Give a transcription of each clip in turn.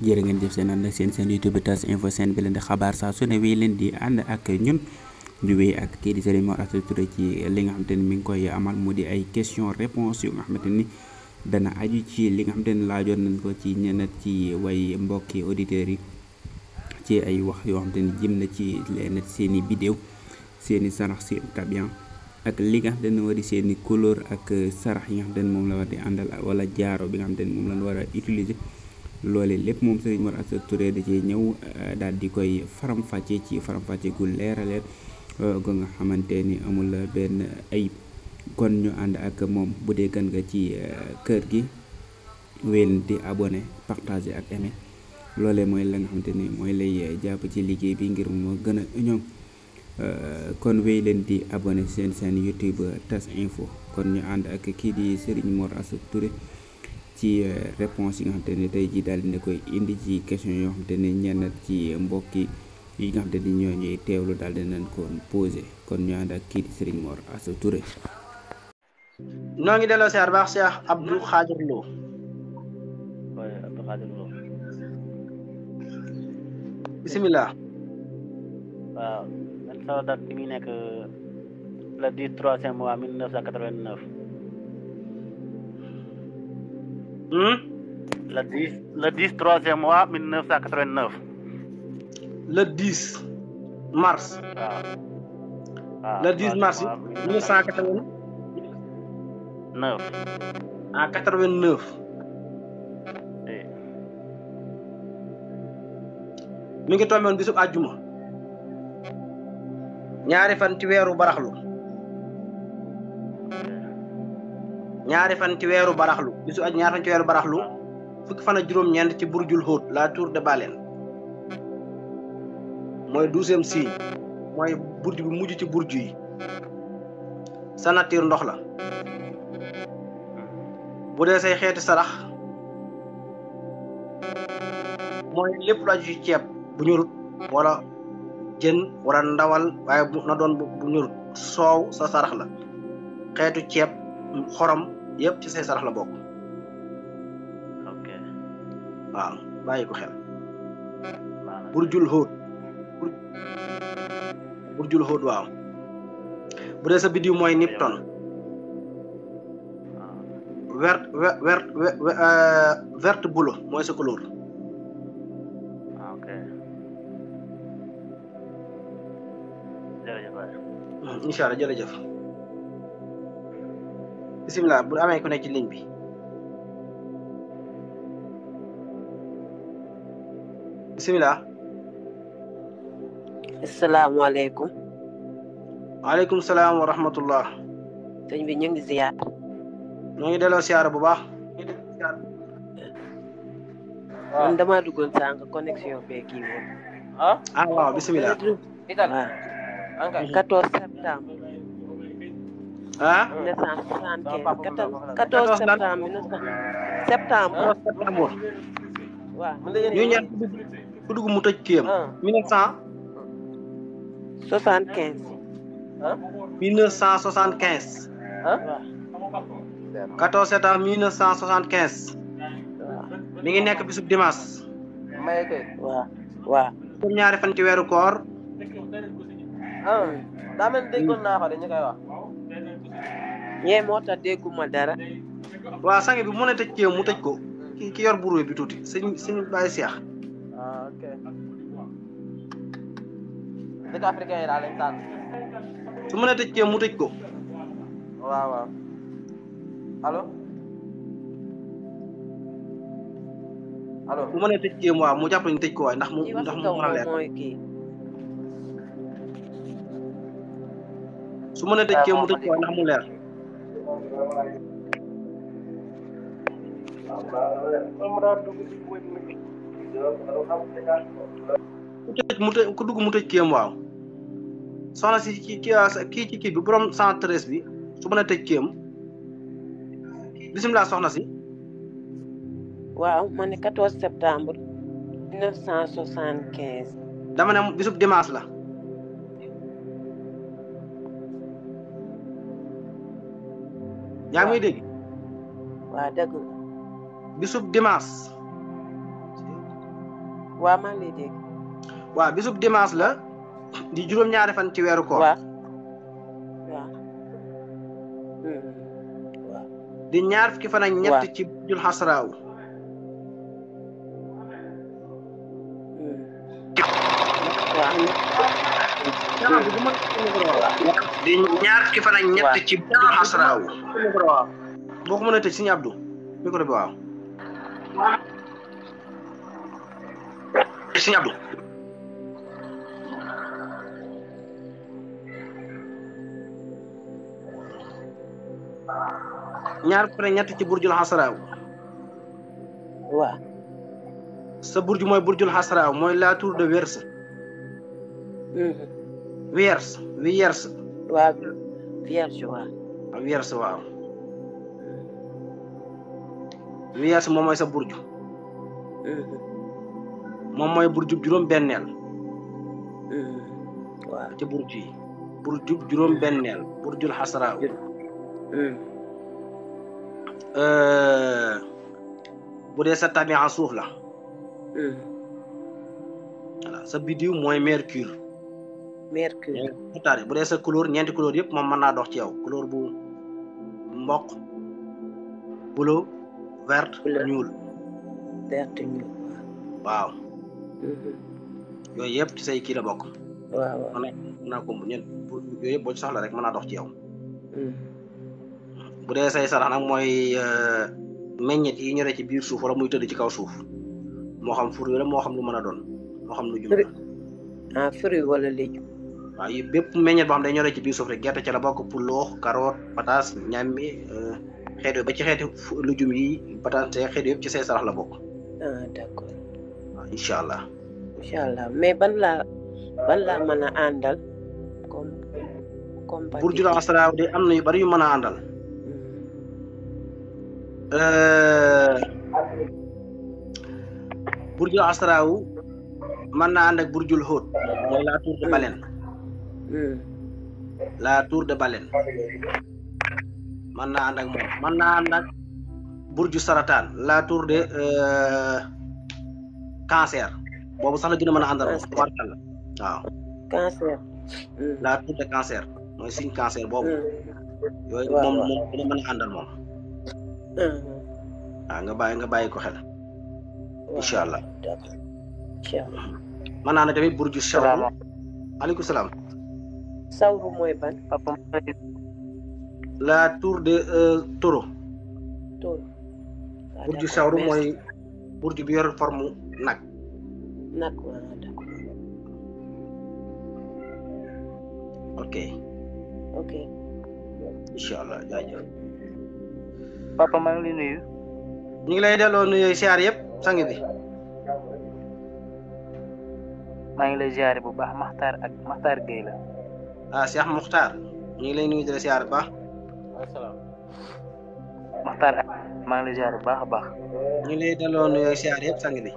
jërë ngeen jëf seen ànd ak seen seen youtube tas info seen bi leen di xabaar saa su ne wéy leen di ànd ak ñun di wéy ak kii di Serigne Mor Asta ci li nga xamante ni mi ngi koy amal mu di ay question réponse yu nga xamante ni dana aju ci li nga xamante ni laajoon nañ ko ci ñeneen ci way mbokki auditeurs yi ci ay wax yoo xamante ni jëm na ci leen seen i bidéew seen i sarax seen tabian ak li nga xamante ni war di seen i couleur ak sarax yi nga xamante ni moom la war di àndal wala jaaro bi nga xamante ni moom la war a utiliser loole lépp moom Serigne Mor Asta Touré da ci ñëw euh, daal di koy faram ci faram-fàcce gu leerale ko euh, nga xamante ni amul benn ay kon ñu ànd ak moom bu dee gan nga ci euh, kër gi wéyal di abone partager ak aimer loole mooy la nga xamante ni mooy lay jàpp ci liggéey bi ngir moo gën a ñoom kon wéy leen di abonné seen seen YouTube TAS info kon ñu ànd ak kii di Serigne Mor Asta Touré ci eh, réponse yi nga xamante ne tey jii dina koy indi ci question yo xamante ne ci mbokk yi nga xamante ñoo ñuy teewlu daal ko poser kon ñu ak di Serigne Mor sa Touré. ngi bax Cheikh Abdou Khadir Lo. waaye Abdou Lo. waaw. le 10 le 10 troisième mois 1989. le 10 mars. waaw ah. ah, le 10 mars 1989. 9. ah 89. Eh. mi ngi tombe woon bisub àjjuma ñaari fan ci weeru baraxlu ñaari fan ci wéru baraxlu bisu aj ñaar fan ci wéru baraxlu fukk fan ak ci burjul hut la tour de moy 12e si moy burj bi mujj ci burj yi sanatir ndox la bu dé say xeeti sarax moy lepp la ci ciép bu wala jën wala ndawal waaye na doon bu ñurut soow sa sarax la xéetu ciép xorom yëpp ci say sarax la bokk. ok. waaw bàyyi ko xel. burjul xóot burjul xóot waaw. bu dee sa biddiw mooy Nipton. vert vert eh, vert bulo mooy sa couleur. Ah, ok. jërëjëf. Hmm, incha allah jërëjëf. Bismillah, bu amee ku ne ci ligne bi. Bismillah. asalaamaaleykum. waaleykum salaam wa rahmatullah. sëñ bi ñu ngi ziar. ñu ngi delloo siyaara bu baax. waaw man damaa duggoon sànq connexion bee kii woon. ah waaw bisimilah. 14 septembre. ah. 1975 14 septembre 1975 septembre. septembre. waaw ñu ñaan ku dugg mu tëj kiyam. 1900. 75. 1975. 14 septembre 1975. mi ngi nekk bisub dimanche. waaw waaw. ñaari fan ci weeru koor. ko ñee moo tax dégguma dara waaw sang bi mu ne tëj mu ko ki ki yor buru e bi tuuti sëñ sëñ bàyyi ah ok dëkk africain yi daal lañ su mu ne tëj mu tëj ko waaw waaw allo allo bu ma ne tëj kéem mu jàpp ñu tëj ko waay ndax mu ndax mu leer su ne mu ko ndax mu leer ku tëj mu tëj ku dugg mu tëj kéem waaw soxna si ki ah, kii ci bi borom 113 bi su mën a tëj kéem bisimilah soxna si. waaw ma ne 14 septembre 1975. dama ne bisub dimanche la. yaa ngi may dégg. waaw dëgg la. la di juróom-ñaari fan ci weeru ko waaw hmm. waaw. di ñaar fan ak ci jul xasraaw. Hmm. di ñaar fukki fan ak ñett ci biir masraaw boo ko mën a tëj sëñ abdou micro bi waaw sëñ abdou ñaar fukki ñett ci burjul xasraaw waaw sa burju mooy burjul xasraaw mooy la tour de verse. Hmm. werse wi Wah, biar vierge Biar vierge waaw vierge moom mooy Mama burju burju juróom benneel ci burju yi burju juróom benneel Hasra. xasraaw hmm. eh, saya tanya sa lah. Hmm. suuf la voilà mercure mercure eh, bu dee sa couleur ñeenti couleur yëpp moom mën naa dox ci yow couleur bu mboq bleu vert ñuul vert ñuul waaw mhm. yooyu yëpp ci say kii la bokk waaw mën naa ko ñeent yooyu yëpp boo ci rek mën naa dox ci yow mhm. bu dee say sarax nag mooy euh, meññet yi ñore ci biir suuf wala muy tëdd ci kaw suuf moo xam fruit moo xam lu mën a doon moo xam lu jum ah wala légume waaw yi bépp meññeet boo xam day ñoree ci biir suuf rek gerte ci la bokk puloox carotte pataas ñàmbi eh, xeet yooyu ba ci xeeti lujum yi pataas te xeet yëpp ci say sarax la bokk. ah d' accord. waaw ah, incha allah. incha allah mais ban la ban la mën a àndal comme comme. burju la asraaw de am na yu bari yu mën a àndal. burju la asraaw mën naa ànd ak burjul xóot mooy tour de balen. Hmm. la tour de Babel man naa ànd ak man na ànd ak burju sarataan la tour de euh, cancer boobu sax la na a mën a àndal moom waaw cancer hmm. la tour de cancer mooy signe cancer boobu hmm. yooyu moom moom gën a mën a àndal moom waaw nga bàyyi nga bàyyi ko xel incha allah mën naa ne tamit burju sharon aleykum salaam sauru moy e ban papa La tour de uh, Toro. Toro. Burju Sauro mooy burju e, bi yor forme nag. nak waaw ok. ok. inshallah allah ya, ya. papa maa ngi nuyu. ñu ngi lay delo nuyu siar yeb sangi bi. maa ngi lay ziaré bu baax maxtar ak maxtar Gueye la syah Mukhtar ñi lay nuyu di la siyaar bu baax. asalaam. Mukhtar ma ngi lay siyaar bu baax baax. ñu lay delloo nuyu ziar yëpp sang bi.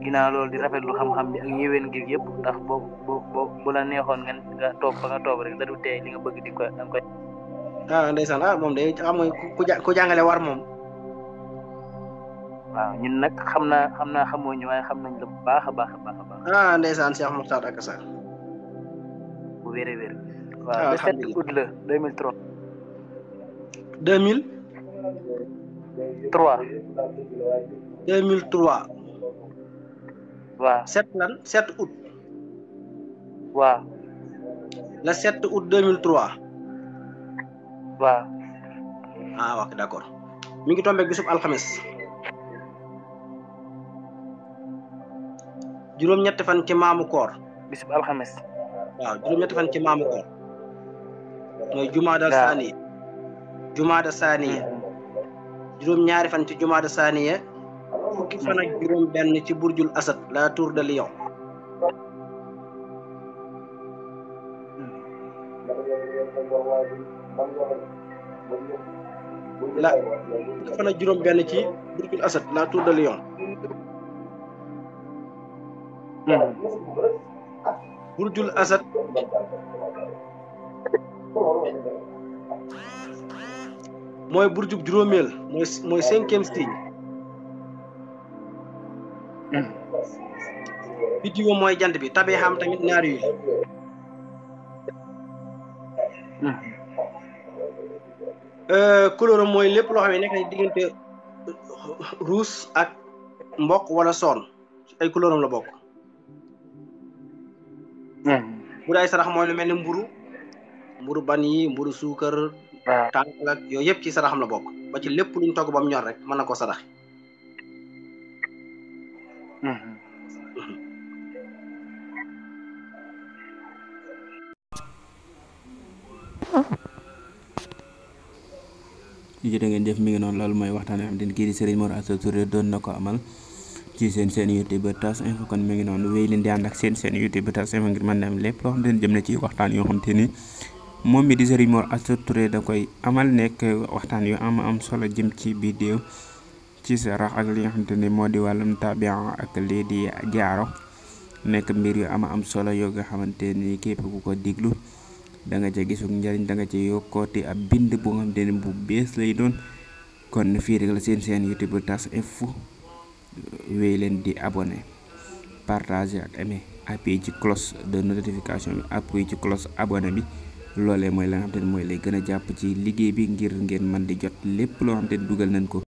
ginaa loolu di rafetlu xam-xam bi ak ñëwén gi yëpp ndax bo bo bo bu la neexoon nga nga toog ba nga toog rek da du tee li nga bëgg di ko da nga koy. ah ndeysaan ah moom day xam nga ku ja ku jàngale war moom. waaw ñun nag xam naa xam naa xamoo ñu waaye xam nañ la bu baax a baax a baax a baax. ah ndeysaan Cheikh Moustapha ak Sarr. bu wér a wér. waaw le 7 août la 2003. 2000. 3. 2003. waaw 7 lan 7 août. waaw. le 7 août 2003. waaw. ah wax d' accord mi ngi tombé bisub alxames. juróom-ñetti fan ci maamu koor. bisub alxames. waaw juróom-ñetti fan ci maamu koor mooy jumaada saaniya jumaada saaniya hmm. juróom-ñaari fan ci jumaada saaniya fukki fukki fan juróom benn ci burjul asad la tour de lion burjul asad mooy burjub juróomeel mooy mooy cinquième signe biddiw mooy jant bi tabi xam tamit ñaar yu euh, couleur mooy lépp loo xam ne nekk na diggante ruus ak mboq wala soon ay couleuram la bokk Ya. bu day sarax mooy lu mel mburu mburu ban yi mburu suukar ya. tànkal ak yooyu yëpp ci saraxam la bokk ba ci lépp luñ togg ba mu ñor rek mën ya. ko sarax jërë ngeen jëf mi ngi noonu loolu mooy waxtaan yoo xam ne kii di Serigne Mor Asta Touré doon na ko amal ci seen seen youtube tass info kon mi ngi non wéy leen di ànd ak seen seen youtube tass info ngir man dem lepp lo loo xam jëm na ci waxtaan yo xamanteni mom mi di Serigne Mor Asta Touré da koy amal nek waxtaan yu am am solo jëm ci vidéo ci sarax ak li nga xamanteni modi walum tabi'a ak li di jaaro nek mbir yu am am solo yo nga xamanteni képp ku ko diglu da nga ca gisuk njariñ da nga ca yokkooti ab bind bu nga xamante bu bes lay doon kon fi rek la seen seen youtube tass info wéy leen di abonné partage ak aimé appuyé ci cloche de notification bi appuyé ci cloche abonné bi loolee mooy la xam te ne mooy lay gën a jàpp ci liggéey bi ngir ngeen man di jot lépp loo xam te ne dugal nañ ko